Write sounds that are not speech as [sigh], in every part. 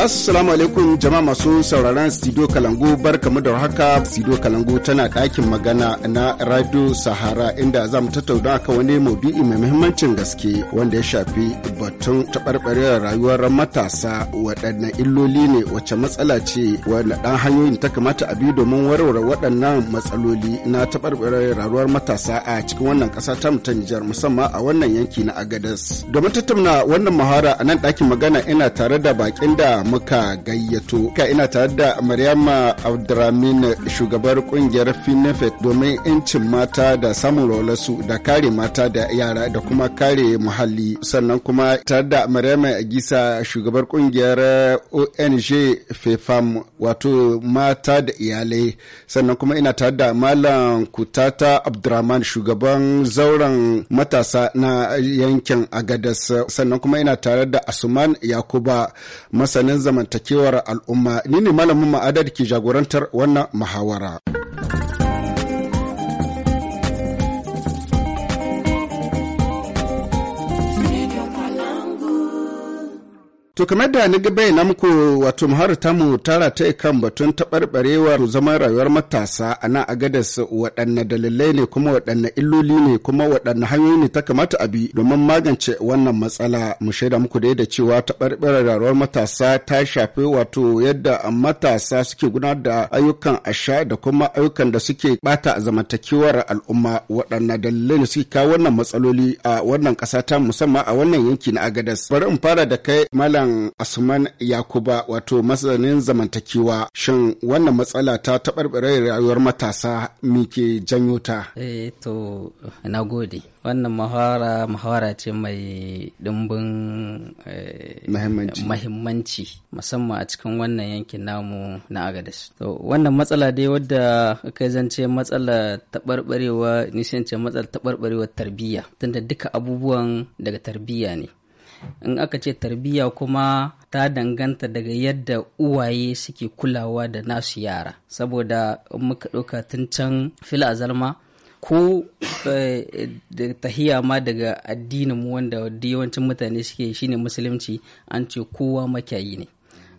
Assalamu alaikum jama'a masu sauraron Studio Kalangu barkamu da haka Studio Kalangu tana ɗakin magana na Radio Sahara inda za mu tattauna kan wani maudu'i mai muhimmancin gaske wanda ya shafi batun taɓarɓarewar rayuwar matasa waɗanne illoli ne wacce matsala ce wanda ɗan hanyoyin ta kamata a bi domin warware waɗannan matsaloli na taɓarɓarewar rayuwar matasa a cikin wannan ƙasa ta ta Nijar musamman a wannan yanki na Agadas. Domin tattauna wannan muhawara a nan ɗakin magana ina tare da baƙin da muka gayyato. Ka ina tare da Maryama abdramin shugabar kungiyar finnefet domin 'yancin mata da samun rolarsu da kare mata da yara da kuma kare muhalli. Sannan kuma tare da Maryama Gisa shugabar kungiyar ONG FEFAM wato mata da iyalai. Sannan kuma ina tare da Malam Kutata Abdurrahman shugaban zauren matasa na yankin Agadas. Sannan kuma ina tare da Asuman Yakuba masanin zamantakewar al'umma ni ne malamin ma'adar ke jagorantar wannan muhawara. To kamar da ga bayyana muku wato muhar mu tara ta kan batun taɓarɓarewar zama rayuwar matasa a nan a gadas waɗanne dalilai ne kuma waɗanne illoli ne kuma waɗanne hanyoyi ne ta kamata a bi domin magance wannan matsala mu shaida muku da da cewa taɓarɓarar rayuwar matasa ta shafi wato yadda matasa suke gudanar da ayyukan asha da kuma ayyukan da suke bata a zamantakewar al'umma waɗanne dalilai ne suke kawo wannan matsaloli a wannan ƙasa ta musamman a wannan yanki na agadas. Bari in fara da kai malam malam Asman Yakuba wato masanin zamantakewa shin wannan matsala ta taɓarɓare rayuwar matasa mike janyo ta. Eh to na gode. Wannan mahawara mahawara ce mai ɗimbin eh, mahimmanci musamman a cikin wannan yankin namu na Agadez. To wannan matsala dai wadda kai zance matsala taɓarɓarewa nishance matsala taɓarɓarewar tarbiyya tunda duka abubuwan daga tarbiyya ne. in aka ce tarbiyya kuma ta danganta daga yadda uwaye suke kulawa da nasu yara saboda muka ɗauka tun can fila zalma ko eh, da tahiya ma daga addininmu wanda yawancin mutane suke shine musulunci an ce kowa makiyayi ne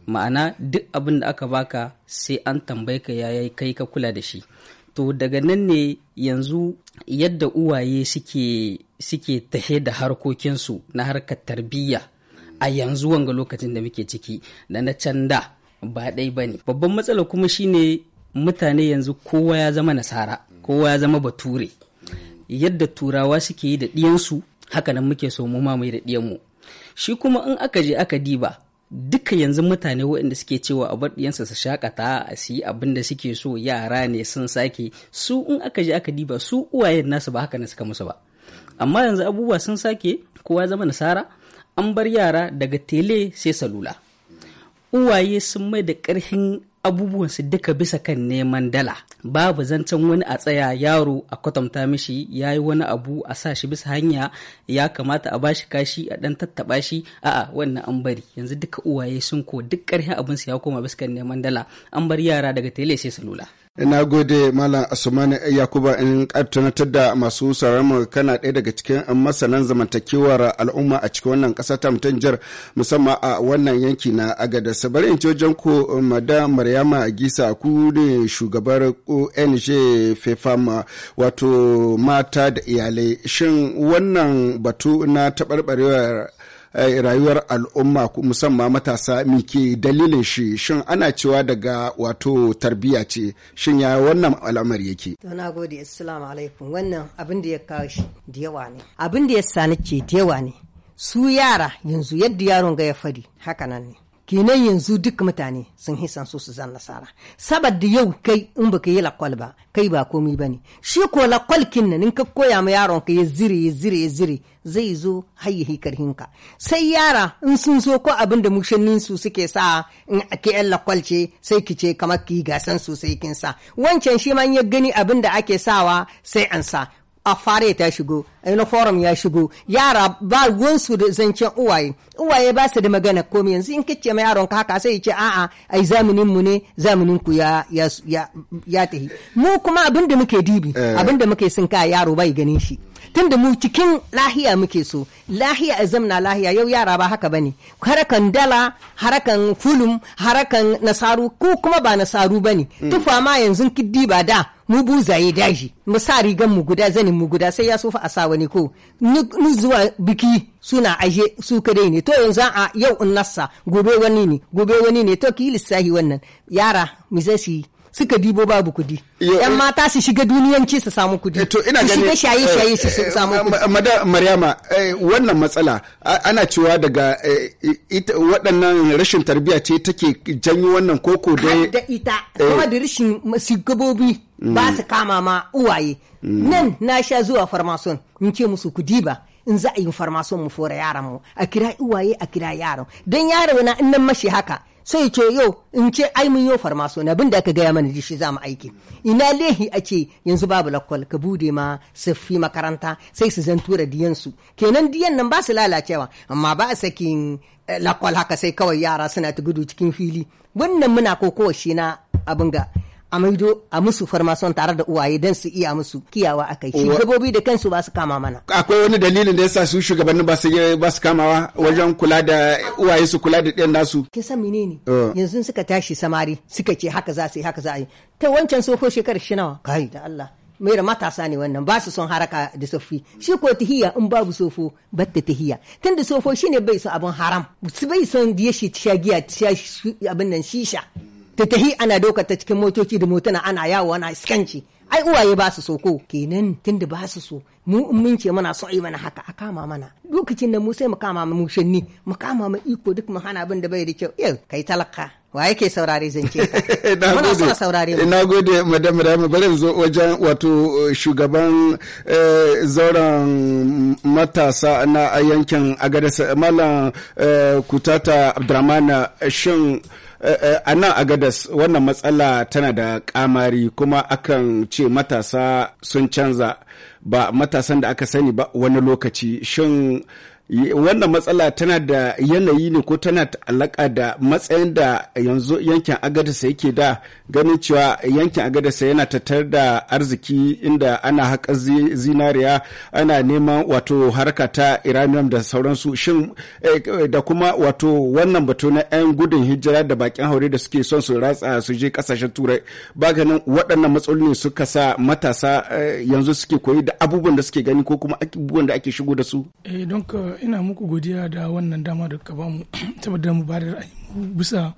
ma'ana duk abin da aka baka sai an tambaye ka ya kai ka kula da shi to daga nan ne yanzu yadda uwaye suke suke tahe da harkokinsu na harkar tarbiyya a yanzu wanga lokacin da muke ciki da na can da ba ɗai ba ne babban matsala kuma shine mutane yanzu kowa ya zama nasara kowa ya zama bature yadda turawa suke yi da ɗiyansu hakanan muke so mu mamaye da ɗiyanmu shi kuma in aka je aka diba duka yanzu mutane waɗanda suke cewa a bar ɗiyansa su shakata a su yi abin da suke so yara ne sun sake su in aka je aka diba su uwayen nasu ba haka ne suka musu ba amma yanzu abubuwa sun sake kowa zama nasara an bar yara daga tele sai salula uwaye sun mai da ƙarfin abubuwansu duka bisa kan neman dala babu zancen wani a tsaya yaro a kwatanta mishi ya yi wani abu a sa shi bisa hanya ya kamata a bashi kashi a dan tattaba shi a'a wannan an bari yanzu duka uwaye sun ko duk karhin abinsu ya koma bisa kan neman dala an bar yara daga tele sai salula Na gode Malam Asumani Yakuba in tunatar da masu sauraron kana ɗaya daga cikin masanan zamantakewar al'umma a cikin wannan ƙasa ta mutanjar musamman a wannan yanki na Agadas. Bari in jojon ku Madam Maryama Gisa ku ne shugabar ONG FEFAM wato mata da iyalai. Shin wannan batu na taɓarɓarewar Eh, rayuwar al'umma musamman matasa muke dalilin shi shin ana cewa daga wato tarbiyya ce shin ya wannan al'amari yake to na gode assalamu alaikum wannan abin da ya kawo shi da yawa ne abin da ya sani ce da yawa ne su yara yanzu yadda yaron ga ya fari haka nan ne kenan yanzu duk mutane sun hisan so su zan nasara saboda yau kai in baka yi lakwal ba kai ba komi bane shi ko lakwal kinna in ka koya ma yaron ka ya zire ya zire ya zire zai zo hayyahi karhin ka sai yara in sun so ko abin da mushannin su suke sa in ake yan lakwal ce sai ki ce kamar ki gasan su sai kin sa wancan shi ma ya gani abin da ake sawa sai an sa afare ta shigo uniform ya shigo yara ba ruwansu da zancen uwaye uwaye ba su da magana komai yanzu in kace ma yaron ka haka sai yace ce a'a ai zamanin mu ne zamanin ku ya ya ya tahi mu kuma abinda muke dibi eh. abin da muke sun ka yaro bai ganin shi tunda mu cikin lahiya muke so lahiya a zamna lahiya yau yara ba haka bane harakan dala harakan fulum harakan nasaru ko kuma ba nasaru bane mm. tufa ma yanzu kiddi ba da mu buzaye daji mu sa rigan mu guda zanin mu guda sai ya sofa a sa wani ko ni zuwa biki suna aje su kadai ne to yanzu a yau in nassa gobe wani ne gobe wani ne to ki lissahi wannan yara mi zai suka dibo babu kudi yan eh, mata su shiga duniyanci su samu kudi eh, to ina su shiga shaye shaye eh, su samu kudi madam maryama wannan matsala ana cewa daga waɗannan rashin tarbiyya ce take janyo wannan koko da da ita kuma da rashin sigabobi mm. ba su kama ma uwaye mm. nan na sha zuwa farmason in ce musu kudi ba in za a yi farmason mu fora yaran mu a kira uwaye a kira yaran don yaro na in nan mashi haka sai ce yau in ce ai mun yau farmaso na bin da aka gaya mana ji shi za mu aiki ina lehi a ce yanzu babu lakwal ka bude ma fi makaranta sai su zan tura diyansu kenan diyan nan ba su lalacewa amma ba a sakin eh, lakwal haka sai kawai yara suna ta gudu cikin fili wannan muna kokowa shi na abin ga a maido a musu farmason tare da uwaye don su iya musu kiyawa a kai shugabobi da kansu ba su kama mana akwai wani dalilin da yasa su shugabannin ba su ba su kamawa wajen kula da uwaye su kula da ɗan nasu kin san menene eh. yanzu suka tashi samari suka ce haka za su yi haka za a yi ta wancan tsoho shekarar shi nawa kai da Allah mai da matasa ne wannan ba su son haraka da sofi shi ko tahiya in babu sofo batta tahiya tun da sofo shine bai son abin haram su bai son diya shi shagiya abin nan shisha ta tahi ana doka ta cikin motoci da motuna ana yawo ana iskanci ai uwaye ba su soko kenan tunda ba su so mu in mun ce muna so ai mana haka a kama mana lokacin da mu sai mu kama mu shanni mu kama mu iko duk mu hana abin da bai da kyau yau kai talaka wa yake saurare zance ka [laughs] muna so saurare mu nagode madam madam bari zo wajen wato shugaban eh, zauren matasa na yankin agadasa malam eh, Kutata Abdurrahman shin Eh, eh, a nan a gadas wannan matsala tana da kamari kuma akan ce matasa sun canza ba matasan da aka sani ba wani lokaci shin wannan matsala tana da yanayi ne ko tana alaka da matsayin da yanzu yankin agadasa yake da ganin cewa yankin agadasa yana tattar da arziki inda ana haƙa zinariya ana neman wato harka ta iranium da sauransu shin eh, da kuma wato wannan batu na 'yan gudun hijira da bakin haure da suke son su ratsa su je kasashen turai ba ganin waɗannan matsaloli ne suka sa matasa eh, yanzu suke koyi da abubuwan da suke gani ko kuma abubuwan da ake shigo da su. Eh, ina muku godiya da wannan dama da ka bamu [clears throat] saboda mu ba da bisa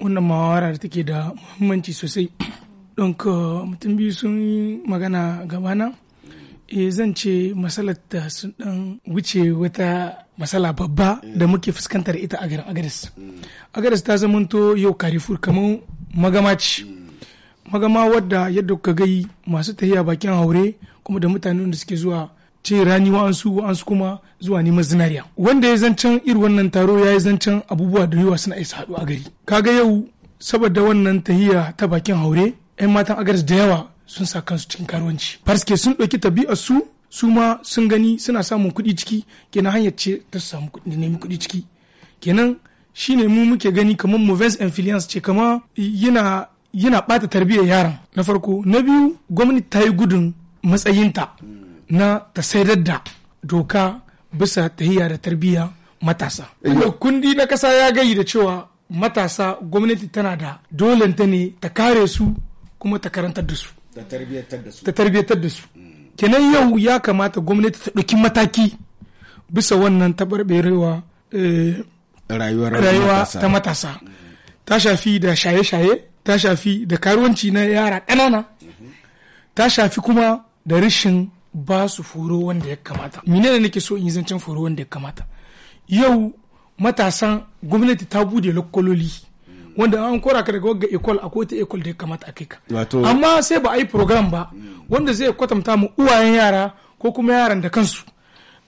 wannan mawara da take da muhimmanci sosai [clears throat] don ka mutum biyu sun yi magana gabana e zan ce matsalar ta sun dan wuce wata matsala babba da muke fuskantar ita a garin agaris mm. agaris ta zamanto yau karifur kamar magama ce mm. magama wadda yadda ka gai masu tahiya bakin haure kuma da mutanen da suke zuwa ce rani wa'ansu wa'ansu kuma zuwa neman zinariya wanda ya zancen irin wannan taro ya yi zancen abubuwa da yawa suna isa haɗu a gari kaga yau saboda wannan tahiya ta bakin haure 'yan matan agaris da yawa sun sa kansu cikin karuwanci farske sun ɗauki tabi'ar su su ma sun gani suna samun kuɗi ciki kenan hanyar ce ta samu kuɗi nemi kuɗi ciki kenan shine mu muke gani kamar and influence ce kama yana yana ɓata tarbiyyar yaran na farko na biyu gwamnati ta yi gudun matsayinta na ta saidar da doka bisa tahiya da tarbiyya matasa. kundi na kasa ya gayi da cewa matasa gwamnati tana da ta ne ta kare su kuma ta karantar da su. Ta tarbiyyatar da su. Kenan yau ya kamata gwamnati ta ɗauki mataki bisa wannan taɓarɓarewa eh, rayuwa ta matasa. Ta shafi da shaye-shaye, ta shafi da karuwanci na yara ƙanana, ta shafi kuma da rashin ba su foro wanda ya kamata ne nake so in yi zancen foro wanda ya kamata yau matasan gwamnati ta bude lokololi wanda an kora ka daga wagga ekol a kowace ekol da ya kamata a kai ka amma sai ba a yi program ba wanda zai kwatanta mu uwayen yara ko kuma yaran da kansu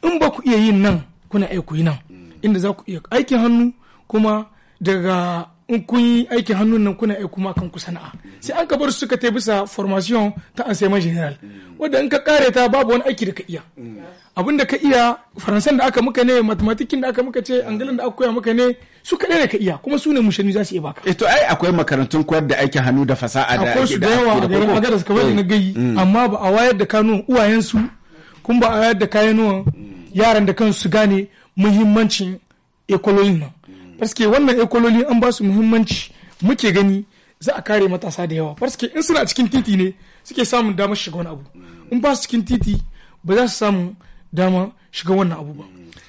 in ba ku iya yin nan kuna aiki nan inda za ku iya aikin hannu kuma daga in kun yi aikin hannun nan kuna aiko ma kanku sana'a sai an ka bar su suka ta bisa formation ta enseignement general wanda in ka kare ta babu wani aiki da ka iya abin da ka iya faransan da aka muka ne matematikin da aka muka ce angalan da aka koya muka ne su kaɗai da ka iya kuma su ne mushani za su iya baka eto eh ai akwai makarantun koyar da aikin hannu da fasaha da akwai su da yawa a garin kamar da na gayi mm. amma ba a wayar da kanuwan uwayensu kuma ba a wayar da kayanuwan yaran da kansu su gane muhimmancin ekololin nan Farske wannan ekololi an ba su muhimmanci muke gani za a kare matasa da yawa. Farske in suna cikin titi ne suke samun damar shiga wani abu. In ba su cikin titi ba za su samu dama shiga wannan abu ba.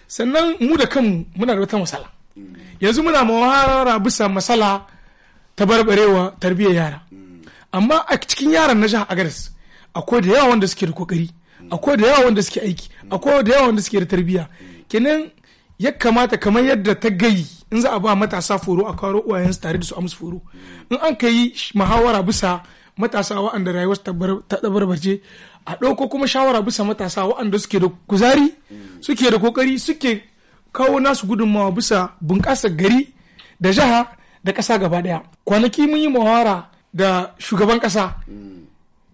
Sannan mu da kanmu muna da wata masala. Yanzu muna mawara bisa matsala ta barbarewa tarbiyyar yara. Amma a cikin yaran na jihar Agadas akwai da yawa wanda suke da kokari. akwai da yawa wanda suke aiki akwai da yawa wanda suke da tarbiyya kenan ya kamata kamar yadda ta gayi in za a ba matasa foro a karo uwayensu tare da su amsu foro in an ka yi muhawara bisa matasa wa'anda rayuwar ta tabarbarce a ɗauko kuma shawara bisa matasa wa'anda suke da kuzari suke da kokari suke kawo nasu gudunmawa bisa bunƙasar gari da jiha da ƙasa gaba ɗaya kwanaki mun yi muhawara da shugaban ƙasa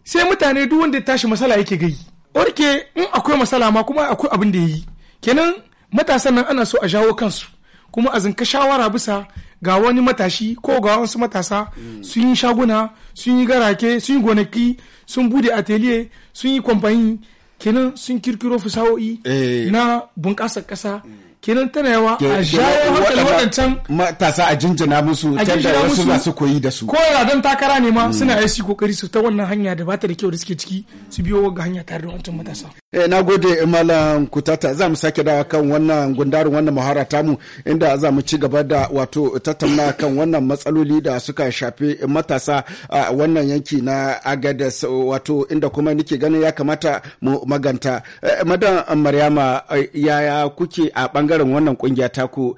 sai mutane duk wanda ya tashi masala yake gayi orke in akwai masala ma kuma akwai abin da ya yi kenan matasan nan ana so a shawo kansu kuma a zinka shawara bisa ga wani matashi ko ga wasu matasa sun yi shaguna sun yi garake sun yi gonaki sun bude atelier sun yi kwamfani kenan sun kirkiro fasahohi eh. na bunƙasar ƙasa kinan tana yawa a shayar hankali waɗancan matasa a jinjina musu tanda wasu za su koyi da su ko dan takara ne ma hmm. suna aiki kokari su ta wannan hanya da bata da kyau da suke ciki su biyo wagga hanya tare da wancan matasa eh na gode eh, malam kutata za mu sake da kan wannan gundarin wannan muhara tamu inda za mu ci gaba da wato tattauna kan wannan matsaloli da suka shafi matasa a wannan yanki na agadas wato inda kuma nike ganin ya kamata mu maganta eh, madan maryama eh, yaya kuke a bangaren bangaren wannan kungiya taku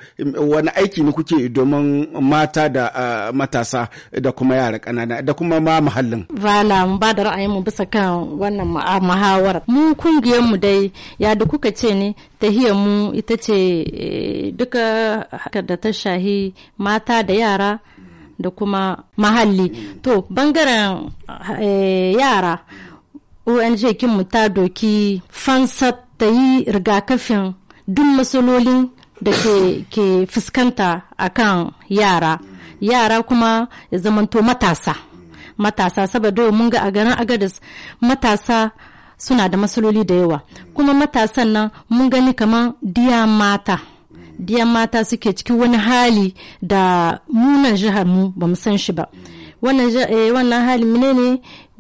wani aiki ne kuke domin mata da ah, matasa da kuma yara kanana da kuma ma muhallin bala mu ba da ra'ayinmu bisa kan wannan muhawara mu kungiyar mu dai ya da kuka ce ne tahiyar mu ita ce eh, duka da ta shahi mata da yara da kuma mahalli to bangaren eh, yara ong mu ta doki Fansa ta yi rigakafin duk matsalolin da ke, fuskanta a kan yara yara kuma ya zamanto matasa matasa saboda mun ga a garin agadis matasa suna da matsaloli da yawa kuma matasan nan mun gani kamar diya mata diya mata suke cikin wani hali da munan jihar mu ba san shi ba wannan eh, hali ne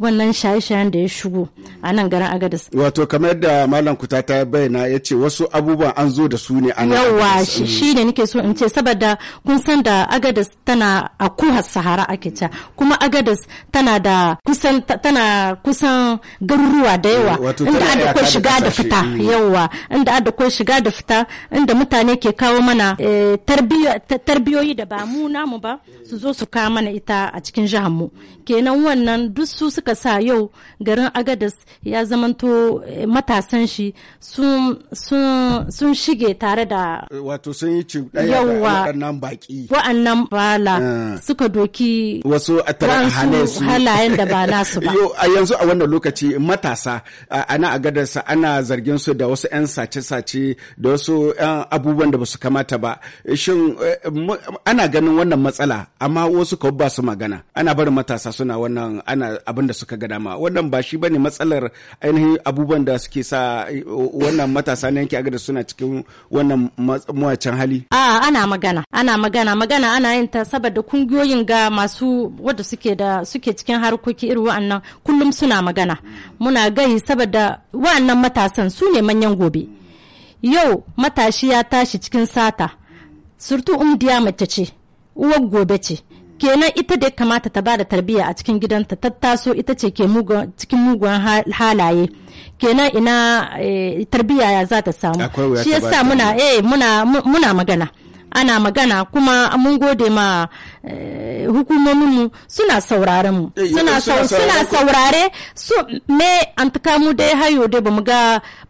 wannan shaye-shayen da ya shigo a nan garin agadis wato kamar yadda malam kuta ta bayyana ya ce wasu abubuwan an zo da su ne a nan yawa shi ne nake so in ce saboda kun san da agadis tana a kuhar sahara ake ta kuma agadis tana da kusan tana kusan garuruwa da yawa inda ada ko shiga da fita mm. yawa inda ada ko shiga da fita inda mutane ke kawo mana eh, tarbiyoyi da ba mu namu ba su zo su kawo mana ita a cikin jihar mu kenan wannan duk su suka aka sa yau garin agadas ya zamanto eh, matasan shi sun shige tare da eh, wato sun yi cuɗaya da waɗannan baƙi waɗannan bala eh. suka doki wasu halayen da ba [laughs] nasu ba a yanzu a wannan lokaci matasa ana agadas ana zargin su da wasu 'yan sace-sace da wasu 'yan abubuwan da ba su kamata ba shin ana ganin wannan matsala amma wasu kawai ba su magana ana barin matasa suna wannan ana abin da da suka ga dama wannan ba shi bane matsalar ainihin abubuwan da suke sa eh, wannan matasa na yanki agada suna cikin wannan mawacin hali a ana magana ana magana magana ana yin ta saboda kungiyoyin ga masu wadda suke da suke cikin harkoki irin wa'annan kullum suna magana muna gai saboda wa'annan matasan su ne manyan gobe yau matashi ya tashi cikin sata surtu umdiya mace ce uwar gobe ce kenan ita da kamata ta bada tarbiyya a cikin gidanta ta taso ita ce ke cikin mugun halaye kenan ina eh, tarbiyya ya za ta samu shi ya sa eh, muna magana ana magana kuma mun gode ma eh, hukumominmu suna eh, saurare mu suna saurare su me an tuka mu dai hayo dai bamu ga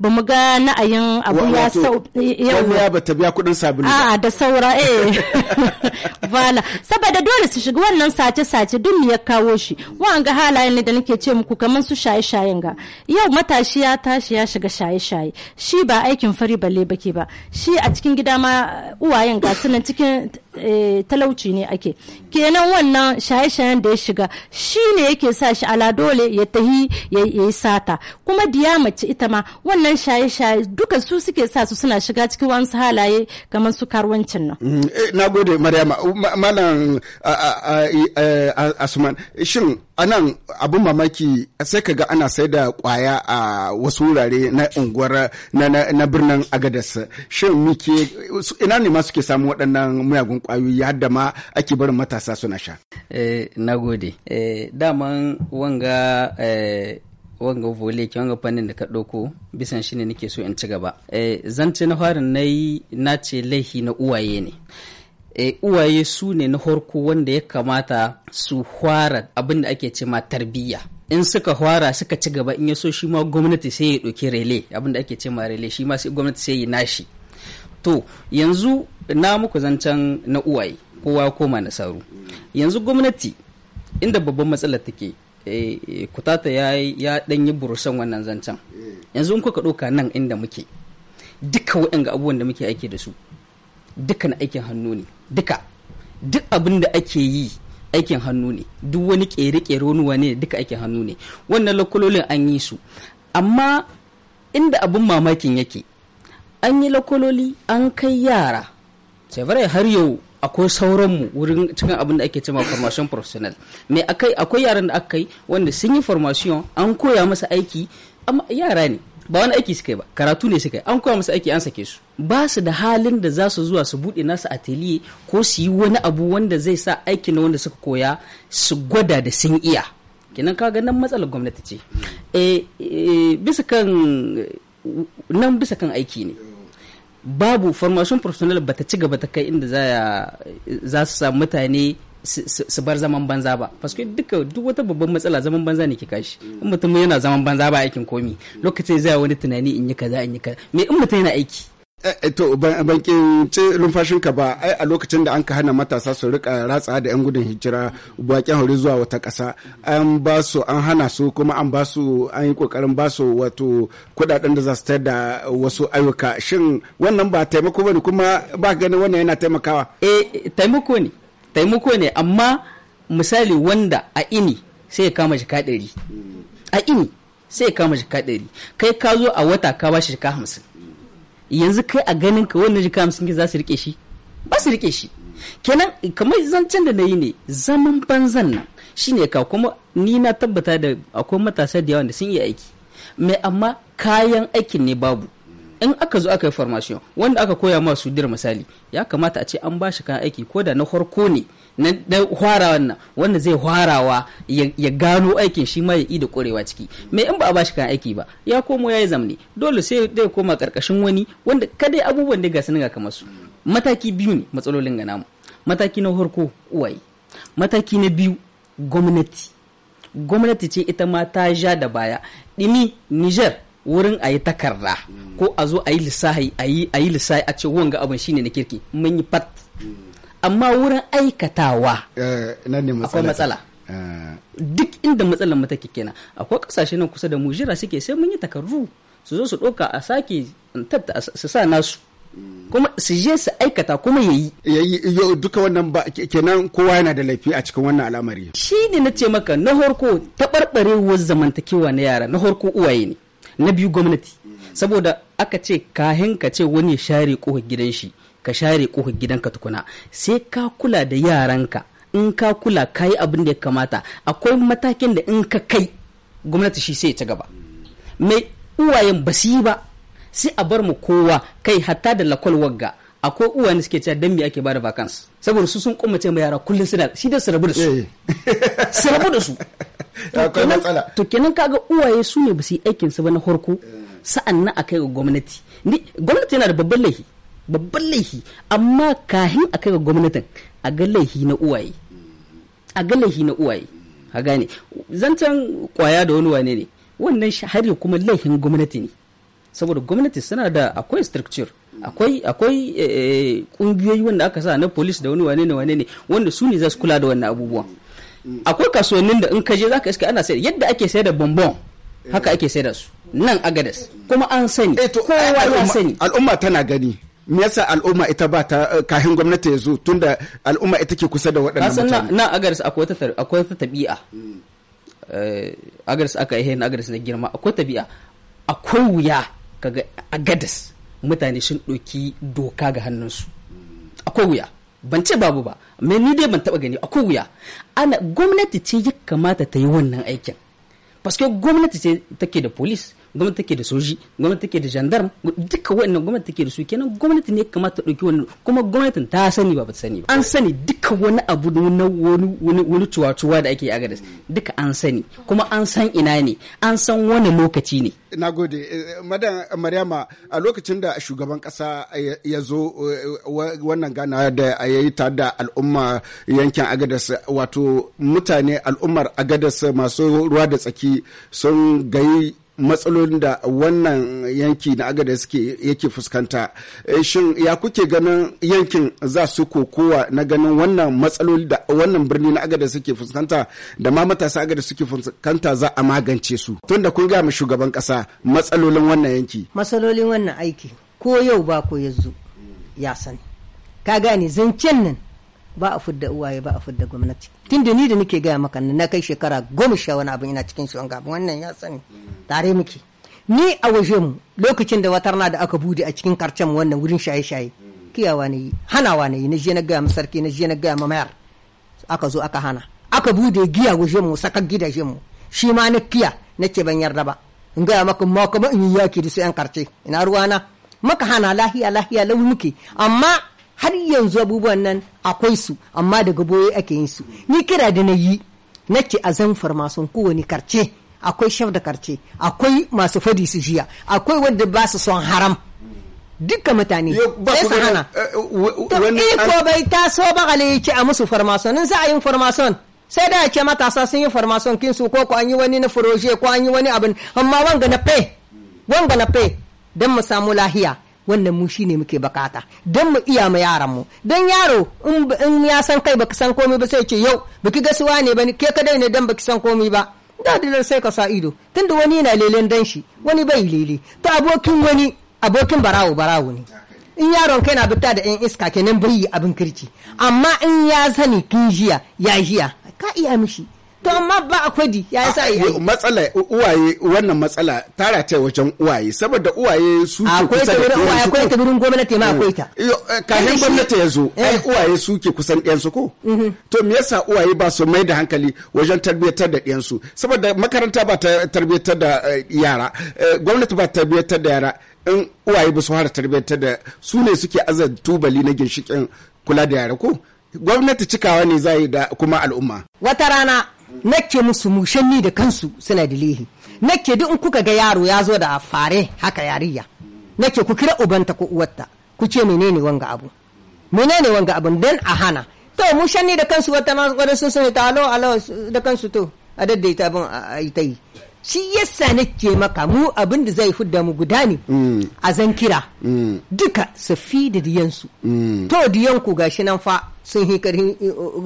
bamu ga na'ayin abu ya sau eh, yawa ya bata biya kudin sabulu a da saura eh bala [laughs] saboda dole su shiga wannan sace sace duk me ya kawo shi wa'an ga halayen ne da nake ce muku kaman su shaye shayen ga yau matashi ya tashi ya shiga shaye shaye shi ba aikin fari balle bake ba shi a cikin gida ma uwayen ga masu nan cikin eh, talauci ne ake kenan wannan shaye-shayen da ya shiga shi ne yake sa shi ala dole ya tahi ya yi sata kuma diya mace ita ma wannan shaye-shaye duka su suke sa su suna shiga cikin wasu halaye kamar su karwancin nan mm, eh, na gode maryama malam asuman shin A nan abin mamaki sai ka ga ana sai da kwaya a wasu wurare na unguwar na, birnin agadas shin muke ina ne masu suke samun waɗannan muyagun kwayoyi hadda ma ake barin matasa suna sha eh, na gode eh, daman wanga eh, wanga vole ke wanga fannin da ka ɗauko bisan shi ne nake so in ci gaba zance na farin na yi na ce laihi na uwaye ne e, uwaye su ne na harko wanda ya kamata su hwara abin da ake cema tarbiyya in suka hwara suka ci gaba in ya so shi ma gwamnati sai ya ɗauki rele abin da ake ce ma rele shi ma sai gwamnati sai yi nashi to yanzu na muku zancen na uwaye kowa koma na saru yanzu gwamnati inda babban matsala take eh, kutata ya ya ɗanyi burusan wannan zancen yanzu in kuka ɗauka nan inda muke duka waɗanga abubuwan da muke aiki da su duka na aikin hannu ne duka duk abin da ake yi aikin hannu ne duk wani kere-kere wani wane duka aikin hannu ne wannan lakololin an yi su amma inda abin mamakin yake an yi lakololi an kai yara sai har yau akwai sauranmu wurin cikin abin da ake cima formation professional me akai akwai yaran da aka kai wanda sun yi formation an koya masa aiki amma yara ne ba wani aiki suka yi ba karatu ne suka yi an koya musu aiki an sake su ba su da halin da za su zuwa su buɗe nasu atelier ko su yi wani abu wanda zai sa aiki na wanda suka koya su gwada da sun iya kenan kaga nan matsalar gwamnati ce eh, eh, bisa kan nan bisa kan aiki ne babu formation professional ba ta ci gaba ta kai inda za su samu mutane su bar zaman banza ba paske duka duk wata babban matsala zaman banza ne ke kashi in mutum yana zaman banza ba aikin komi lokacin zai wani tunani in yi kaza in yi kaza me in mutum yana aiki eh, eh, to ban kince ka ba ai a lokacin da an ka hana matasa su rika ratsa da yan gudun hijira bakin hauri zuwa wata ƙasa an ba su an hana su kuma an ba su an yi kokarin ba su wato kudaden da za su da wasu ayyuka shin wannan ba taimako bane kuma ba ganin wannan yana taimakawa eh taimako ne taimako ne amma misali wanda a ini sai ya kama jika ɗari a ini sai ya kama jika ɗari kai ka zo a wata ka ba shi jika hamsin yanzu kai a ganin ka wannan jika hamsin za su rike shi ba su rike shi kenan kamar zancen da na yi ne zaman banzan nan ne ka kuma ni na tabbata da akwai matasa da yawan da sun iya aiki mai amma kayan aikin ne babu in aka zo aka yi formation wanda aka koya ma su dir misali ya kamata a ce an ba shi kayan aiki ko da na farko ne na hwara wannan wanda zai hwarawa ya gano aikin shi ma ya yi da korewa ciki me in ba a ba shi kayan aiki ba ya komo ya yi zamne dole sai dai koma karkashin wani wanda kadai abubuwan da ga sun ga kamar su mataki biyu ne matsalolin ga namu mataki na farko uwaye mataki na biyu gwamnati gwamnati ce ita ma ta ja da baya dimi niger wurin a yi takarda ko a zo a yi lissahi a yi lissahi a ce wanga abin shine na kirki mun yi fat amma wurin aikatawa eh, akwai matsala eh. duk inda matsalar mu take kenan akwai kasashe nan kusa da mu jira suke sai mun yi takardu su zo su doka a sake su sa nasu kuma su je su aikata kuma ya yi. duka wannan ba kenan kowa yana da laifi a cikin wannan al'amari. Shi ne na ce maka na harko tabarbarewar zamantakewa na yara na harko uwaye ne. na biyu gwamnati saboda aka ce kahin ka ce wani ya share kohar gidan shi ka share kohar ka tukuna sai ka kula da yaranka in ka kula ka yi abin da ya kamata akwai matakin da in ka kai gwamnati shi sai ta gaba mai uwayen ba su yi ba sai a bar mu kowa kai hatta da lakwal wagga akwai uwayen suke cewa dan me ake bada vacance saboda su sun kuma ce ma yara kullum suna shi da su da su su rabu da su eh. akwai matsala to kenan kaga uwaye su ne ba su yi aikin su ba na horko sa'an nan akai ga gwamnati ni gwamnati yana da babban laifi babban laifi amma kahin akai ga gwamnatin a ga laifi na uwaye a ga laifi na uwaye a gane zancen kwaya da wani wane ne wannan shahari kuma laifin gwamnati ne saboda gwamnati suna da akwai structure akwai akwai eh, eh, kungiyoyi wanda aka sa na police da wani wane ne wane ne wanda su ne za su kula da wannan abubuwan akwai kasuwannin da in ka je zaka iska ana sayar yadda ake sayar da bonbon haka ake sayar da su nan agadas kuma an sani eh, kowa ya sani al'umma tana gani me yasa al'umma ita ba ta eh, kahin gwamnati ya zo tunda al'umma ita ke kusa da waɗannan mutane na agadas akwai ta akwai ta tabi'a eh, agadas aka yi na agadas na girma akwai tabi'a akwai wuya kaga agadas mutane sun ɗauki doka ga hannunsu akwai wuya ban ce babu ba me ni dai ban taba gani a wuya ana gwamnati ce ya kamata ta yi wannan aikin paske gwamnati ce take da police gwamnati take da soji gwamnati take da gendarme duka wannan gwamnati take da su kenan gwamnati ne kamata ta dauki wannan kuma gwamnatin ta sani ba ba ta sani ba an sani duka wani abu na wani wani wani tuwa da ake agadas duka an sani kuma an san ina ne an san wani lokaci ne na gode eh, madan maryama a lokacin da shugaban kasa ya zo eh, wannan gana da ya yi da al'umma yankin agadas wato mutane al'ummar agadas masu ruwa da tsaki sun gayi matsalolin da wannan yanki na agada suke yake fuskanta eh, shin ya kuke ganin yankin za su kokowa na ganin wannan matsaloli da wannan birni na agada suke fuskanta da ma matasa agada suke fuskanta za a magance su tunda kun ga mu shugaban kasa matsalolin wannan yanki matsalolin wannan aiki ko yau ba ko yanzu ya sani ka gane zancen nan ba a fudda uwaye ba a fudda gwamnati tun da ni da nake gaya maka na kai shekara goma sha wani abin ina cikin wanga wannan ya sani tare muke ni a waje mu lokacin da watar na da aka bude a cikin karcen wannan wurin shaye-shaye kiyawa ne hanawa ne na je na gaya sarki na je na gaya ma mayar aka zo aka hana aka bude giya waje mu saka gidaje mu shi ma na kiya nace ban yarda ba in gaya maka ma kuma in yi yaki da su yan karce ina ruwana maka hana lahiya lahiya lau muke amma har yanzu abubuwan nan akwai su amma daga boye ake yin su ni kira da na yi na ce a zan farmason kowane karce akwai shaf da karce akwai masu fadi su jiya akwai wanda ba su son haram duka mutane sai su hana eh, eh, iko eh, bai taso ba ya ce a musu farmason za a yin farmason sai da ce matasa sun yi farmason su ko ko an yi wani na furoje ko an yi wani abin amma wanga na fe wanga na don mu samu lahiya wannan mu shine muke bakata don mu iya ma yaran mu don yaro in ya san kai baka san komai ba sai ce yau baki suwa ne ba ke kadai ne dan baki san komai ba da da sai ka sa ido tunda wani yana lelen dan shi wani bai lele to abokin wani abokin barawo barawo ne in yaron kai na bita da yan iska kenan bai yi abin kirki amma in ya sani tun jiya ya jiya ka iya mishi to amma ba a kwadi ya yi sa yi ah, matsala uwaye wannan matsala tara ta wajen uwaye saboda uwaye su ke kusa da uwaye akwai ta wurin gwamnati ma akwai ta eh, kafin gwamnati ya zo ai eh. uwaye su ke kusan su ko mm-hmm. to me yasa uwaye ba su mai da hankali wajen tarbiyyatar da su saboda makaranta ba ta tarbiyyatar da eh, yara gwamnati ba ta tarbiyyatar da yara in uwaye ba su fara tarbiyyatar da su ne suke azar tubali na ginshikin kula da yara ko gwamnati cikawa ne za yi da kuma al'umma wata rana nake musu mushanni da kansu suna da lihi nake duk in kuka ga yaro ya zo da fare haka yariya nake ku kira ubanta ko uwarta ku ce menene wanga abu menene wanga abu dan a hana to mushanni da kansu wata ma wadda sun ta alo alo da kansu to a daddaita abin a yi ta yi shi yasa nake maka mu abin da zai fi mu guda ne mm. a kira mm. duka su fi da diyansu mm. to diyanku gashi nan fa sun yi karfin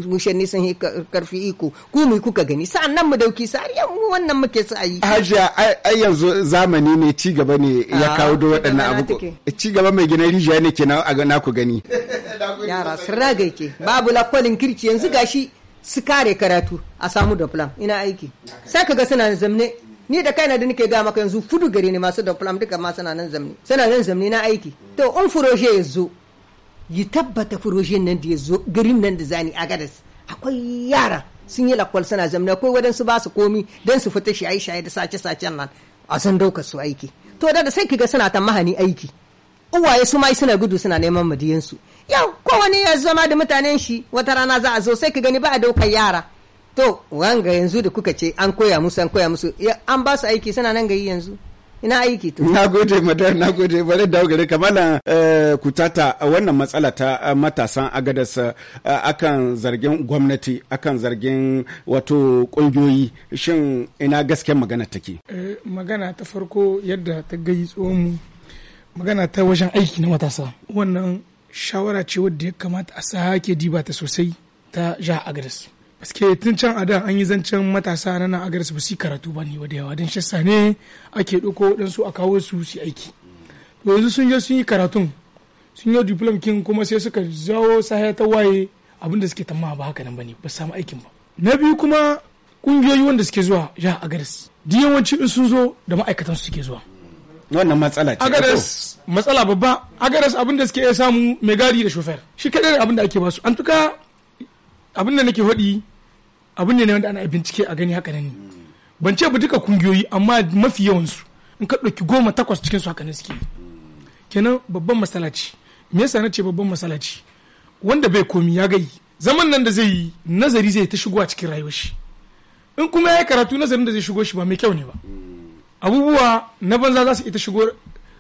mushanni sun yi karfi iko ku mu kuka gani sa'an nan mu dauki sariyan mu wannan muke su ayi hajiya ai yanzu zamani ne ci gaba ne ya ah, kawo da waɗannan abu ci gaba mai gina rijiya ne ke na ku gani [laughs] yara sun ragai ke babu lakwalin kirki yanzu gashi su kare karatu a samu da plan ina aiki sai ka ga suna zamne ni da kaina da nake ga maka yanzu fudu gare ni masu plan duka ma suna nan zamni suna nan zamni na aiki to in furoje ya zo yi tabbata furoje nan da ya zo garin nan da zani a gadas akwai yara sun yi lakwal suna zamni akwai wadansu ba su komi don su fita shaye shaye da sace sacen nan a san daukar su aiki to da da sai kiga suna ta mahani aiki uwaye su mai suna gudu suna neman madiyansu yau kowane ya zama da mutanen shi wata rana za a zo sai ka gani ba a daukar yara to wanga yanzu da kuka ce an koya musu an koya musu an ba su aiki suna nan gari yanzu ina aiki to na gode madar na gode bare da gare kamala eh, kutata wannan matsala ta eh, matasan agadas eh, akan zargin gwamnati akan zargin wato kungiyoyi shin ina gasken magana take magana ta farko yadda ta gayi tsohon magana ta wajen aiki na matasa wannan shawara ce wadda ya kamata a sake diba ta sosai ta jihar agadas Paske tun can a da an yi zancen matasa na nan agar su ba su karatu ba ne wa da yawa don shassa ne ake ɗauko waɗansu a kawo su su aiki. To yanzu sun je sun yi karatun sun yi diplom kin kuma sai suka zawo sahaya ta waye abin da suke tamma ba haka nan ba ne ba samu aikin ba. Na biyu kuma kungiyoyi wanda suke zuwa ya Agares. Di yawanci in sun zo da ma'aikatan su suke zuwa. Wannan matsala ce. Agares matsala babba Agares abin da suke iya samu mai gari da shofar Shi kadai abin da ake basu. An tuka abin da nake faɗi abin ne wanda ana bincike a gani haka ne ban ce ba duka kungiyoyi amma mafi yawansu in ka ɗauki goma takwas cikin su haka ne suke kenan babban masalaci me yasa na ce babban masalaci wanda bai komi ya gayi zaman nan da zai yi nazari zai ta shigo a cikin rayuwar shi in kuma ya yi karatu nazarin da zai shigo shi ba mai kyau ne ba abubuwa na banza za su ita shigo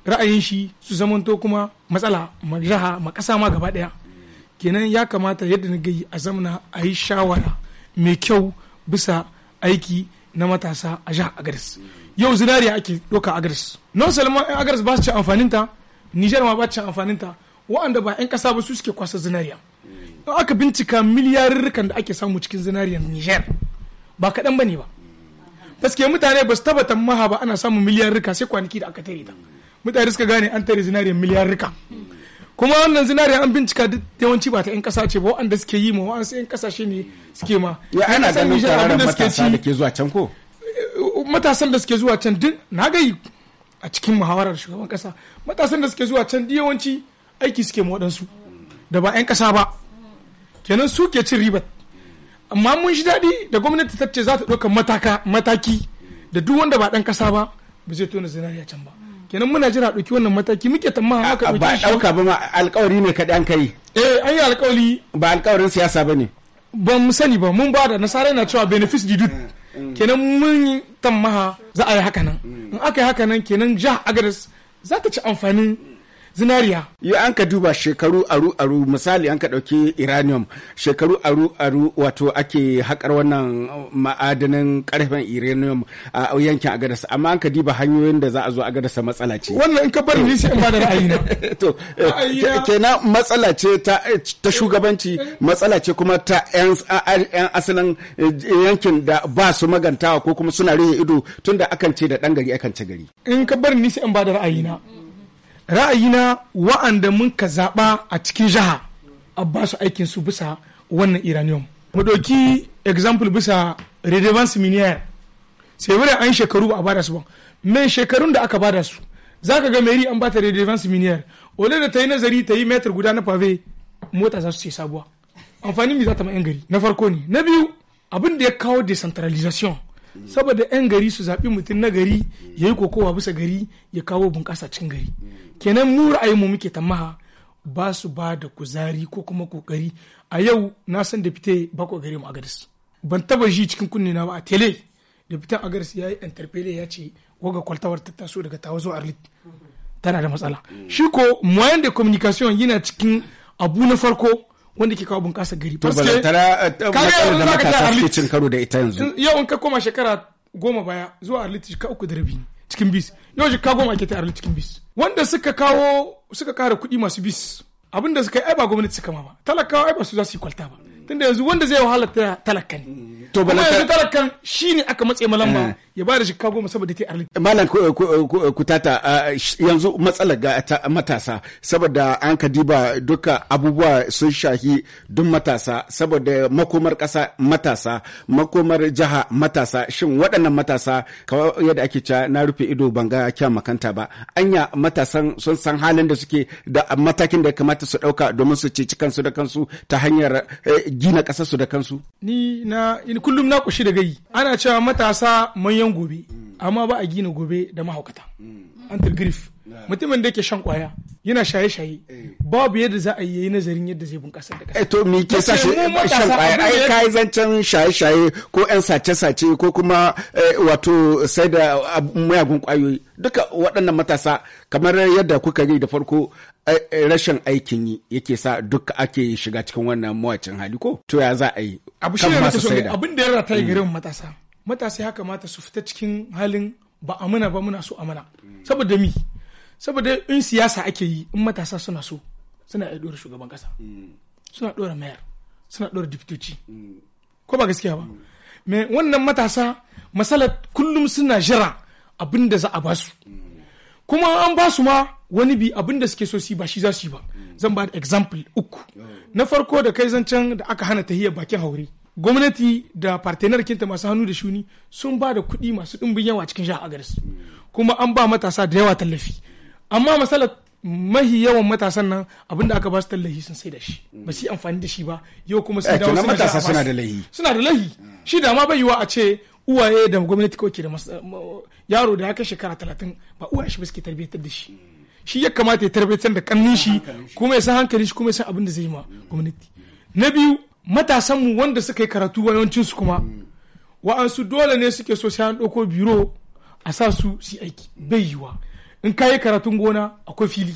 ra'ayin shi su zamanto kuma matsala ma jiha ma kasa ma gaba ɗaya kenan ya kamata yadda na gayi a zamana a yi shawara mai kyau bisa aiki na matasa a jihar agaris yau zinariya ake doka agaris non salman yan agaris ba su ci amfanin nijar ma ba ci amfanin ta wa'anda ba yan kasa ba su suke kwasa zinariya in aka bincika miliyarirrikan da ake samu cikin zinariyar nijar ba kaɗan ba ne ba gaske mutane ba su tabbata maha ba ana samun miliyarirrika sai kwanaki da aka tare ta mutane suka gane an tare zinariyar miliyarrika kuma wannan zinariya an bincika yawanci ba ta yan kasa ce ba waɗanda suke yi ma waɗansu yan kasashe ne suke ma ya ana ganin kwararren matasa da ke zuwa can ko eh, matasan da suke zuwa can duk na gai a cikin muhawarar shugaban kasa matasan da suke zuwa can duk yawanci aiki suke ma waɗansu da ba yan kasa ba kenan su ke cin ribar amma mun shi daɗi da gwamnati ta ce za ta ɗauka mataki da duk wanda ba ɗan kasa ba ba zai tona zinariya can ba kenan muna jira ɗauki wannan mataki muke tamma haka ɗauki ba ɗauka ba ma alƙawari ne kaɗan kai eh an yi alƙawari ba alƙawarin siyasa ba ne ba mu sani ba mun ba da nasara yana cewa benefits di dud mm, mm. kenan mun tammaha za a yi haka nan mm. in aka yi haka nan kenan jihar agres za ta ci amfanin zinariya yi an ka duba shekaru aru aru misali an ka ɗauki iranium shekaru aru aru wato ake haƙar wannan ma'adanin ƙarfen iranium a yankin agadas amma an ka duba hanyoyin da za a zo agadasa matsala ce wannan in ka bari ni sai in ba da ra'ayi na to kenan matsala ce eh, ta shugabanci matsala ce kuma ta yan asalin eh, yankin da ba su magantawa ko kuma suna rihe ido tunda akan ce da ɗan gari akan ce gari in ka bari ni sai in ba da ra'ayi na ra'ayina wa'anda mun ka zaɓa a cikin jiha a ba su aikin su bisa wannan iranium mu ɗauki example bisa redevans miniyar sai wuri an shekaru ba a bada su ba mai shekarun da aka bada su za ka ga meri an bata redevans miniyar ole da ta yi nazari ta yi metar guda na pave mota za su ce sabuwa amfani mai za ta ma yan gari na farko ne na biyu abin da ya kawo decentralization saboda 'yan gari su zaɓi mutum na gari ya yi kokowa bisa gari ya kawo bunƙasa cikin gari kenan mu mu muke tamaha ba su ba da kuzari ko kuma kokari a yau na san da fite ba gare mu gadis ban taba shi cikin kunne na ba a tele da fitan a gadis ya yi interpele ya ce waga kwaltawar ta taso daga tawa zuwa arlit tana da matsala mm. shi ko moyen de communication yana cikin abu na farko wanda ke kawo bunƙasa gari. To balantana eh, eh, matsalar da matasa suke cin karo da ita yanzu. Yau in ka koma shekara goma baya zuwa Arlit ka uku da rabi cikin bis. Yau ka goma ake ta Arlit cikin bis. Wanda suka kawo suka kara kuɗi masu bis. Abin da suka yi ai ba gwamnati suka ma ba. Talakawa ai ba su za su yi kwalta ba. Tunda yanzu wanda zai wahala ta talaka ne. To balantana. Kuma yanzu talakan shi ne aka matse malamba. Eh. ya ba da shikka goma saboda ta arlit. Malam kutata yanzu matsalar ga matasa saboda an ka diba duka abubuwa sun shahi duk matasa saboda makomar ƙasa matasa makomar jiha matasa shin waɗannan matasa kawai yadda ake cewa na rufe ido ban ga kyan makanta ba anya matasan sun san halin da suke da matakin da kamata su ɗauka domin su ceci kansu da kansu ta hanyar e, gina ƙasarsu da kansu. Ni na kullum na kushi da gai ana cewa matasa manyan yan gobe amma ba a gina gobe da mahaukata grif mutumin da ke shan kwaya yana shaye-shaye eh. babu yadda za a yi nazarin yadda zai bunƙasa da ƙasa. Eh, to me ke sa shan kwaya ai kai zancan shaye-shaye ko ɗan sace-sace ko kuma eh, wato sai da mayagun kwayoyi duka waɗannan matasa kamar yadda kuka yi da farko rashin aikin yi yake sa duka ake shiga cikin wannan mawacin hali ko to ya za a yi abu shi ne abin da ya rata garin mm. matasa matasa ya kamata su fita cikin halin ba amina ba muna so amina saboda mi saboda in siyasa ake yi in matasa suna so suna iya dora shugaban kasa suna dora mayar suna dora diptoci ko ba gaskiya ba me wannan matasa masalar kullum suna jira abin da za a ba kuma an basu ma wani bi abinda suke so si ba shi za su yi ba zan ba da example uku na farko da kai zancen da aka hana tahiyar bakin haure gwamnati da partenar kinta masu hannu da shuni sun ba da kuɗi masu ɗumbin yawa cikin jihar agaris kuma an ba matasa da yawa tallafi amma matsalar mahi yawan matasan nan abinda aka ba su tallafi sun sai da shi ba su amfani da shi ba yau kuma sai eh, dawo matasa suna da lahi suna da lahi shi da ma bai yiwa a ce uwaye da gwamnati kawai ke da yaro da ya kai shekara talatin ba uwaye shi ba suke tarbiyyar da shi shi ya kamata ya tarbiyyar da kannin shi kuma ya san hankali shi kuma ya san abin da zai ma gwamnati na biyu matasanmu wanda suka yi karatu yawancinsu kuma wa'ansu dole ne suke so sai an ɗauko biro a sa su su aiki bai yiwa in ka yi karatun gona akwai fili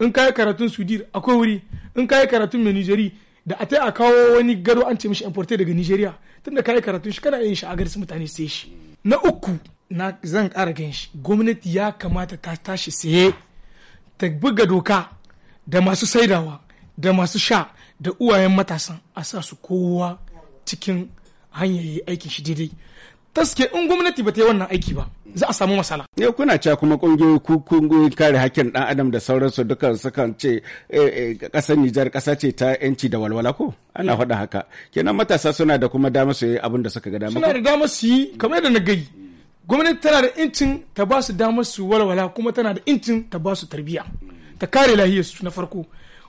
in ka yi karatun sudir akwai wuri in ka yi karatun nijeri da a a kawo wani gado an ce mishi importe daga Nijeriya tunda ka yi karatun shi kana yin shi a su mutane sai shi na uku na zan ƙara gan shi gwamnati ya kamata ta tashi saye ta buga doka da masu saidawa da masu sha da uwayen matasan a sa su kowa cikin hanyar yi aikin shi daidai taske in gwamnati ba ta yi wannan aiki ba za a samu masala. Ne kuna cewa kuma kungiyoyi ku kungiyoyin kare hakkin dan adam da sauransu duka sukan ce kasar eh, eh, Nijar kasa ce ta yanci da walwala ko ana faɗa haka kenan matasa suna da kuma dama su yi abin da suka ga dama. Suna da dama su yi kamar yadda na gayi gwamnati tana da incin ta ba su dama su walwala kuma tana da incin ta ba su tarbiyya ta kare lahiyarsu na farko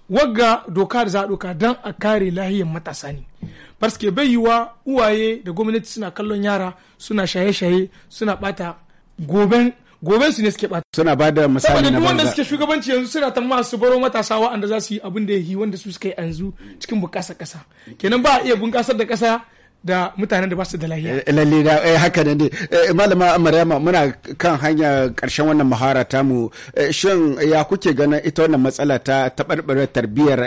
wagga doka da za a doka don a kare lahiyar matasa ne farske bai wa uwaye da gwamnati suna kallon yara suna shaye-shaye suna bata goben goben su ne suke bata suna ba da misali na wanda suke shugabanci yanzu suna ta masu baro matasa wa'anda za su yi abin da ya yi wanda su suka yi yanzu cikin bukasa kasa kenan ba a iya bunkasar da kasa da mutanen da ba su da lahiya. Eh, lalle da eh, haka ne ne. Eh, malama Maryama muna kan hanya karshen wannan muhara ta mu. Eh, shin ya kuke ganin ita wannan matsala ta tabarbare tarbiyyar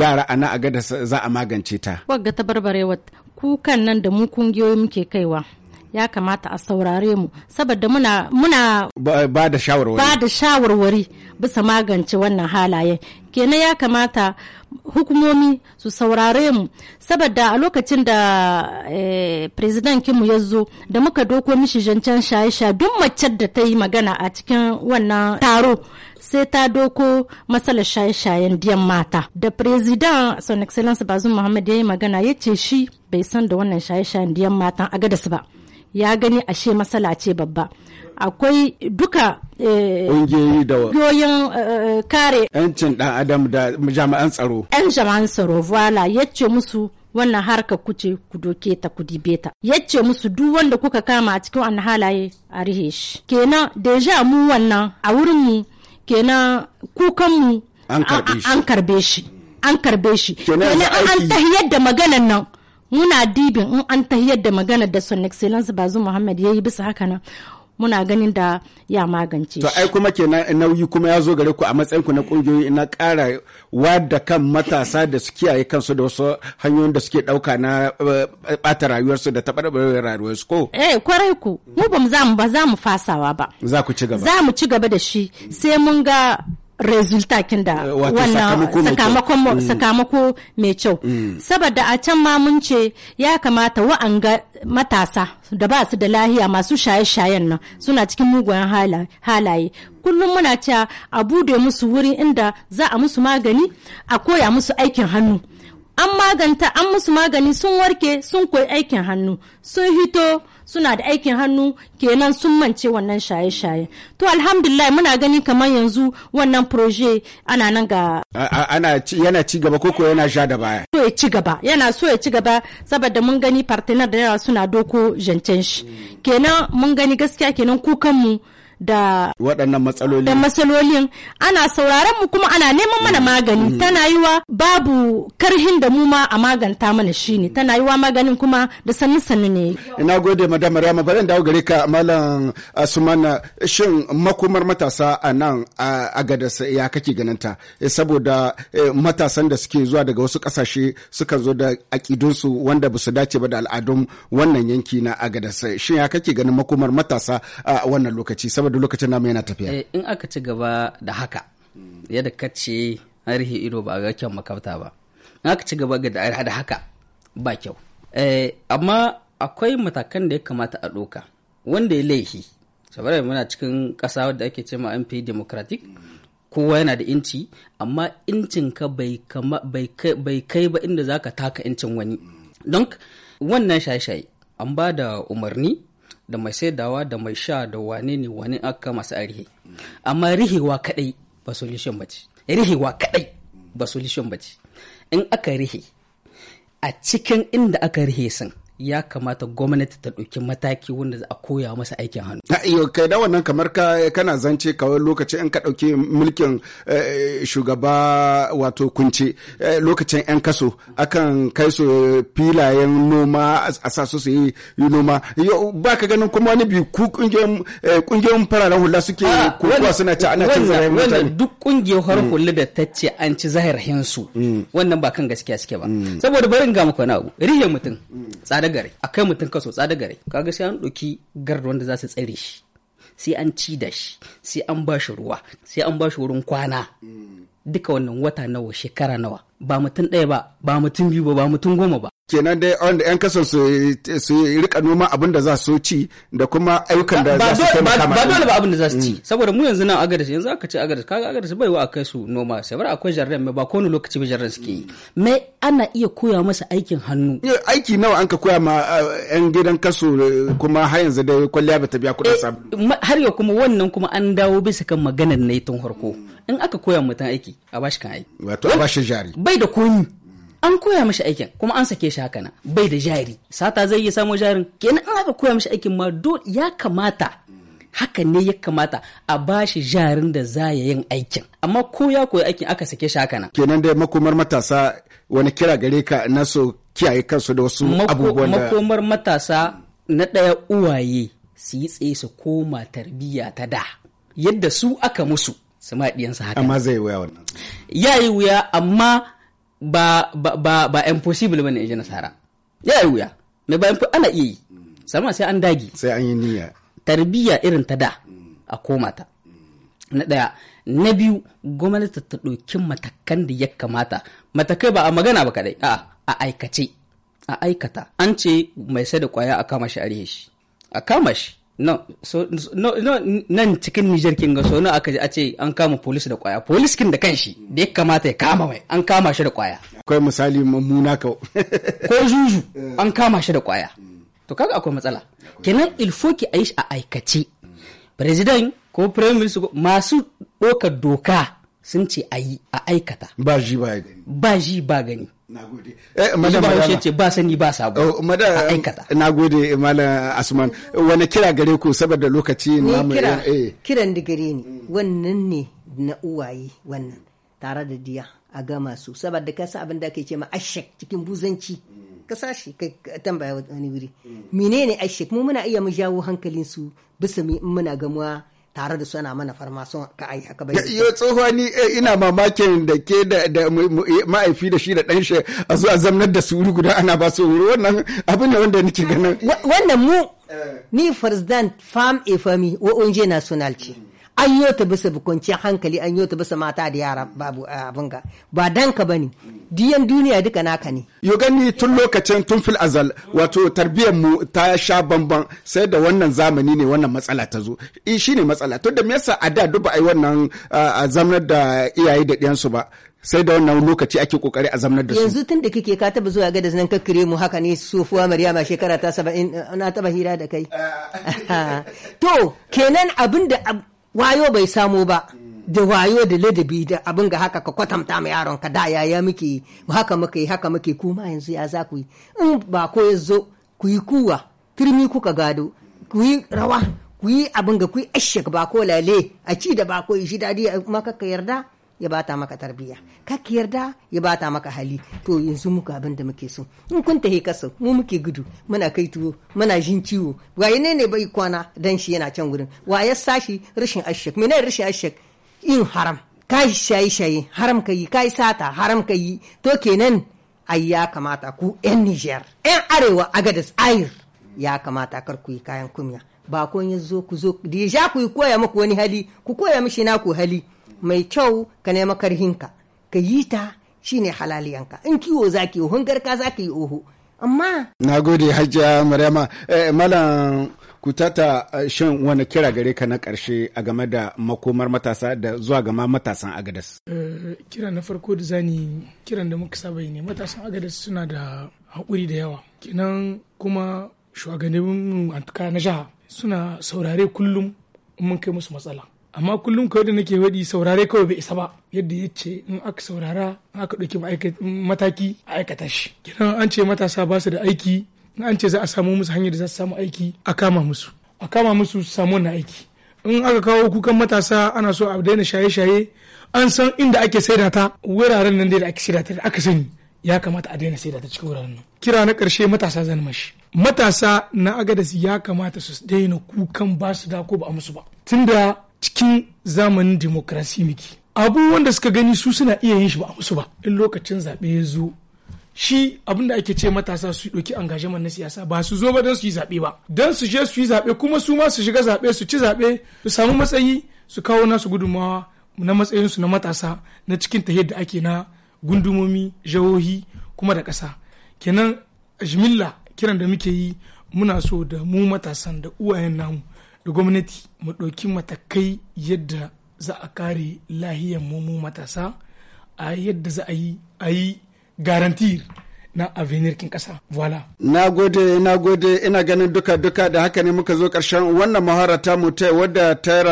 yara a nan a ga za a magance ta? Wagga taɓarɓarewar kukan nan da mu kungiyoyi muke kaiwa. ya kamata a saurare mu saboda muna muna ba da shawarwari ba da shawarwari bisa magance wannan halaye kenan ya kamata hukumomi su saurare mu saboda a lokacin da eh, president kinmu ya zo da muka doko mishi zancen shaye-sha duk mace da ta yi magana a cikin wannan taro sai ta doko matsalar shaye-shayen diyan mata da president son excellence bazum muhammad ya yi magana ya ce shi bai san da wannan shaye-shayen diyan matan a gadas ba ya gani ashe matsala ce babba akwai duka eh, ƙungiyoyi da yoyin eh, kare 'yancin ɗan adam da jami'an tsaro 'yan jami'an tsaro voila ya ce musu wannan harka kuce ku doke ta ku dibe ta ya ce musu duk wanda kuka kama a cikin wannan halaye a rihe shi kenan deja mu wannan a wurin mu kenan kukan mu an karbe shi an karbe shi kenan an ta yadda maganan nan muna dibin in an ta yadda magana da son excellence bazu muhammad ya yi bisa haka nan muna ganin da ya magance to ai kuma kenan nauyi kuma ya zo gare ku a matsayin ku na kungiyoyi na ƙara wada kan matasa da su kiyaye kansu da wasu hanyoyin da suke ɗauka na eh, ɓata rayuwarsu da rayuwar rayuwarsu ko eh kwarai ku mu ba za mu ba za mu fasawa ba za ku ci gaba za mu ci gaba da shi sai mun ga resulta da eh, wannan sakamako mai kyau mm. mm. saboda a can ma mun ce ya kamata wa'anga matasa da ba su da lahiya masu shaye-shayen nan suna cikin mugun halaye kullum muna cewa a bude musu wuri inda za a musu magani a koya musu aikin hannu an maganta an musu magani sun warke sun koyi aikin hannu sun hito suna da aikin hannu kenan sun mance wannan shaye-shaye to alhamdulillah muna gani kamar yanzu wannan proje ana nan ga ana yana ci gaba koko yana sha da baya so ya ci gaba yana so ya ci gaba saboda mun gani partner da yawa suna doko jancen shi hmm. kenan mun gani gaskiya kenan kukan mu da waɗannan matsaloli da matsalolin ana sauraron mu kuma ana neman mana mm. magani mm. tana yiwa babu karhin da mu ma a maganta mana shine tana yiwa maganin kuma da sannu sannu ne ina gode madam Maryama bari dawo gare ka malam Asumana shin makomar matasa a nan a gada ya kake ganin ta eh, saboda eh, matasan da suke zuwa daga wasu kasashe suka zo da akidunsu wanda ba su dace ba da al'adun wannan yanki na agadasa shin ya kake ganin makomar matasa a wannan lokaci saboda saboda lokacin namu yana tafiya eh, in aka ci gaba da haka yadda ka ce an rihe ido ba ga kyan makafta ba in aka ci gaba da haka ba kyau eh, amma akwai matakan da ya kamata a ɗauka wanda ya laihi Sabar muna cikin ƙasa wadda ake ce ma mp democratic kowa yana da inci amma incinka bai kai ba inda zaka taka incin wani don wannan shaye-shaye an ba da umarni da mai saidawa da mai sha da wane ne wane aka masa arihe amma rihewa kadai ba solution ba ce rihewa kadai ba solution bace in aka rihe a cikin inda aka rihe sun ya kamata gwamnati ta ɗauki mataki wanda za a koya masa aikin hannu. kai da wannan kamar ka kana zance kawai lokacin in ka ɗauki mulkin eh, shugaba wato kunce eh, lokacin 'yan kaso akan kai su filayen noma a sa su yi noma ba ka ganin kuma wani bi ku kungiyoyin eh, fararen hula suke ah, kokowa suna ci ana cin zahir mutane. duk kungiyar mm. hula da ta ce an ci zahir hinsu mm. wannan ba kan gaskiya suke ba mm. saboda barin ga maka na abu rihe mutum tsada gare a kai mutum kaso tsada gare ga sai an ɗauki gard wanda za su tsare shi sai an ci da shi sai an ba shi ruwa sai an ba shi wurin kwana duka wannan wata nawa shekara nawa ba mutum ɗaya ba ba mutum biyu ba ba mutum goma ba kenan dai wanda yan kasan su rika noma abin da za su ci da kuma ayyukan da za su taimaka ba dole ba abin da za su ci mm. saboda mu yanzu nan agadas yanzu aka ce agadas kaga agadas bai wa akai su noma sai bar akwai jarren mai ba kowane lokaci ba jarren suke yi mai ana iya koya masa aikin hannu aiki nawa an ka koya ma yan gidan kasu eh, kuma har yanzu dai kwalliya ba ta biya kuɗin eh, sabulu har yau kuma wannan kuma an dawo bisa kan maganar na tun farko in aka koya mutum aiki a bashi kan aiki wato a bashi jari bai da komi an koya mashi aikin kuma an sake shi haka bai da jari sata zai iya samo jarin kenan an aka koya mashi aikin ma ya kamata haka ne ya kamata a shi jarin da za ya yin aikin amma ko ya koyi aikin aka sake shi haka kenan dai makomar matasa wani kira gare ka na so kiyaye kansu da wasu abubuwan da makomar matasa na daya uwaye su yi tsaye su koma tarbiyya ta da yadda su aka musu su ma haka amma zai wuya wannan ya yi wuya amma ba ba ba ba impossible bane je nasara ya yi wuya mai ba ana iya yi sama sai an dagi sai an yi niyya tarbiyya irin ta da a koma ta na daya na biyu gwamnati ta ɗauki matakan da ya kamata matakai ba a magana ba kadai a a aikace a aikata an ce mai sai da kwaya a kama shi a shi a kama shi no so no no nan cikin Nijar kin ga so na aka a ce an kama polis da kwaya polis kin da kanshi da ya kamata ya kama mai an kama shi da kwaya akwai misali mummuna ka [laughs] ko juju [laughs] eh. an kama shi da kwaya to kaga akwai matsala kenan il faut ki aishi a aikace president ko prime minister masu ɗaukar doka sun ce a yi a aikata ba ji ba gani ba ji ba gani Nagode. Eh, madam Bahaushe ce ba sani ba sabo. Oh, madam aikata. Nagode malam Asman. Wani kira gare ku saboda lokaci na mu kira, eh. eh. kiran gare ni. Wannan ne na uwaye wannan tare da diya a gama su saboda kasa abin da ake ce ma ashek cikin buzanci. Ka sashi ka tambaya wani wuri. Mm. Menene ashek mu muna iya mu jawo hankalin su bisa muna gamuwa tare da su ana mana farmason ka ai haka bai yo tsohuwa ni eh, ina mamakin da ke da eh, ma'aifi da shi da dan shi a zuwa zamnar da su wuri guda ana ba su wuri wannan abin da wanda nake ganin wannan mu eh. ni president fam e wa onje national ce an yi ta bisa kwanciyar hankali an yi ta bisa mata da yara babu eh, abin ga ba danka bane diyan duniya duka naka ne yo gani tun lokacin tun fil azal wato tarbiyyar mu ta sha bamban sai da wannan zamani ne wannan matsala ta zo eh shine matsala to da me yasa a da duba ai wannan eh, zamanar da iyaye da ɗiyansu ba sai da wannan lokaci ake kokari a zamanar da su yanzu tun da kike ka taba zuwa gadas nan kakkare mu haka ne sofuwa maryama shekara ta 70 eh, na taba hira da kai [laughs] to kenan abinda da wayo bai samo ba da wayo da ladabi da abin ga haka ka kwatanta ma yaron ka da yaya muke haka muke haka muke kuma yanzu ya za ku yi in ba ko ya zo ku yi kuwa turmi kuka gado ku yi rawa ku yi abin ga ku yi ashek ba ko lale a ci da ba ko yi shi dadi ma ka yarda ya bata maka tarbiyya kaki yarda ya bata maka hali to yanzu muka abin da muke so in kun tahi kasa mu muke gudu muna kai tuwo muna jin ciwo waye ne ne bai kwana dan shi yana can gurin waye sashi rashin ashek mene rashin ashek yin haram kai shayi shayi haram kai kai sata haram kai to kenan ai ya kamata ku yan Niger yan arewa agadas ayir ya kamata kar ku yi kayan kumya ba kun zo ku zo da ya ku koya muku wani hali ku koya mishi naku hali mai kyau ka nema karhinka ka yi ta shine halaliyanka in kiwo zaki yi za ka yi oho amma na gode hajiya maryama eh, malam kutata eh, shin wani kira gare ka na karshe a game da makomar matasa da zuwa gama matasan agadas eh, kira na farko da zani kiran da muka saba ne matasan agadas suna da haƙuri da yawa kenan kuma shugabannin antuka na jiha suna saurare kullum mun kai musu matsala amma kullum kawai da nake wadi saurare kawai bai isa ba yadda ya ce in aka saurara in aka ɗauki mataki a aikata shi kiran an ce matasa ba su da aiki in an ce za a samu musu hanyar da za su samu aiki a kama musu a kama musu su samu na aiki in aka kawo kukan matasa ana so a daina shaye-shaye an san inda ake saida ta wuraren nan da ake saida ta da aka sani ya kamata a daina saida ta cikin wuraren nan kira na karshe matasa zan mashi matasa na agadas ya kamata su daina kukan ba su da ko ba a musu ba tunda cikin zamanin demokrasi miki abu da suka gani su suna iya yin shi ba a musu ba in lokacin zaɓe ya zo shi abin da ake ce matasa su ɗauki engagement na siyasa ba su zo ba don su yi zaɓe ba don su je su yi zaɓe kuma su ma su shiga zaɓe su ci zaɓe su samu matsayi su kawo nasu gudummawa na matsayinsu na matasa na cikin tahiyar da ake na gundumomi jahohi kuma da ƙasa kenan jimilla kiran da muke yi muna so da mu matasan da uwayen namu da gwamnati mu ɗauki matakai yadda za a kare lahiyar mu matasa a yadda za a yi a yi garantir na avenir kin kasa voila na gode na gode ina ganin duka duka da haka ne muka zo karshen wannan mahara ta mu ta wadda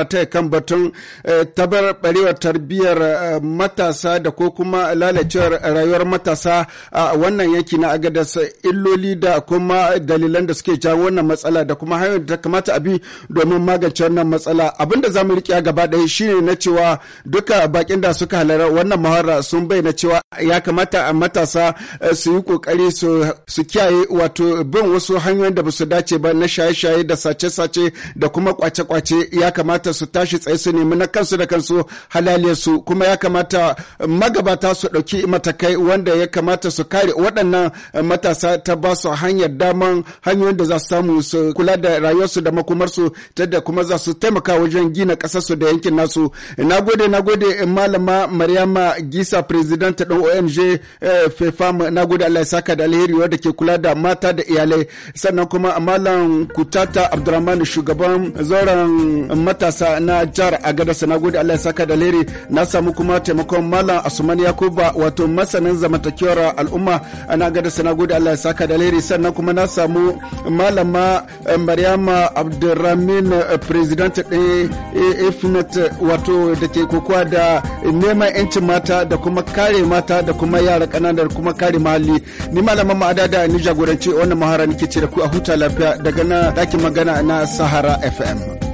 ta kan batun eh, tabar barewar tarbiyar eh, matasa da ko kuma lalacewar rayuwar matasa a wannan yanki na agadas illoli da kuma dalilan da suke jawo wannan matsala da kuma hanyar da kamata a bi domin magance wannan matsala abinda za mu riƙe gaba ɗaya shine na cewa duka bakin da suka halara wannan mahara sun bayyana cewa ya kamata a matasa eh, su yi kokari su kiyaye wato bin wasu hanyoyin da ba su dace ba na shaye-shaye da sace-sace da kuma kwace-kwace ya kamata su tashi tsaye su nemi na kansu da kansu halaliyarsu kuma ya kamata magabata su ɗauki matakai wanda ya kamata su kare waɗannan matasa ta ba su hanyar daman hanyoyin da za su samu su kula da rayuwarsu da makomarsu ta da kuma za su taimaka wajen gina ƙasarsu da yankin nasu na gode na gode malama maryama gisa president ɗin ong eh, fefam na gode allah Allah ya saka da alheri wadda ke kula da mata da iyalai sannan kuma malam kutata abdurrahman shugaban zauren matasa na jihar agada sana gode Allah ya saka da alheri na samu kuma taimakon malam asuman yakuba wato masanin zamantakewar al'umma na agadas na gode Allah ya saka da alheri sannan kuma na samu malama eh, maryama abdurrahman eh, president ɗin eh, ifnat e wato da ke kokowa da neman 'yancin mata da kuma kare mata da kuma yara ƙananan da kuma kare muhalli ni malaman ma'ada da ni jagoranci wannan mahara nake ce da ku a huta lafiya daga na ɗakin magana na sahara fm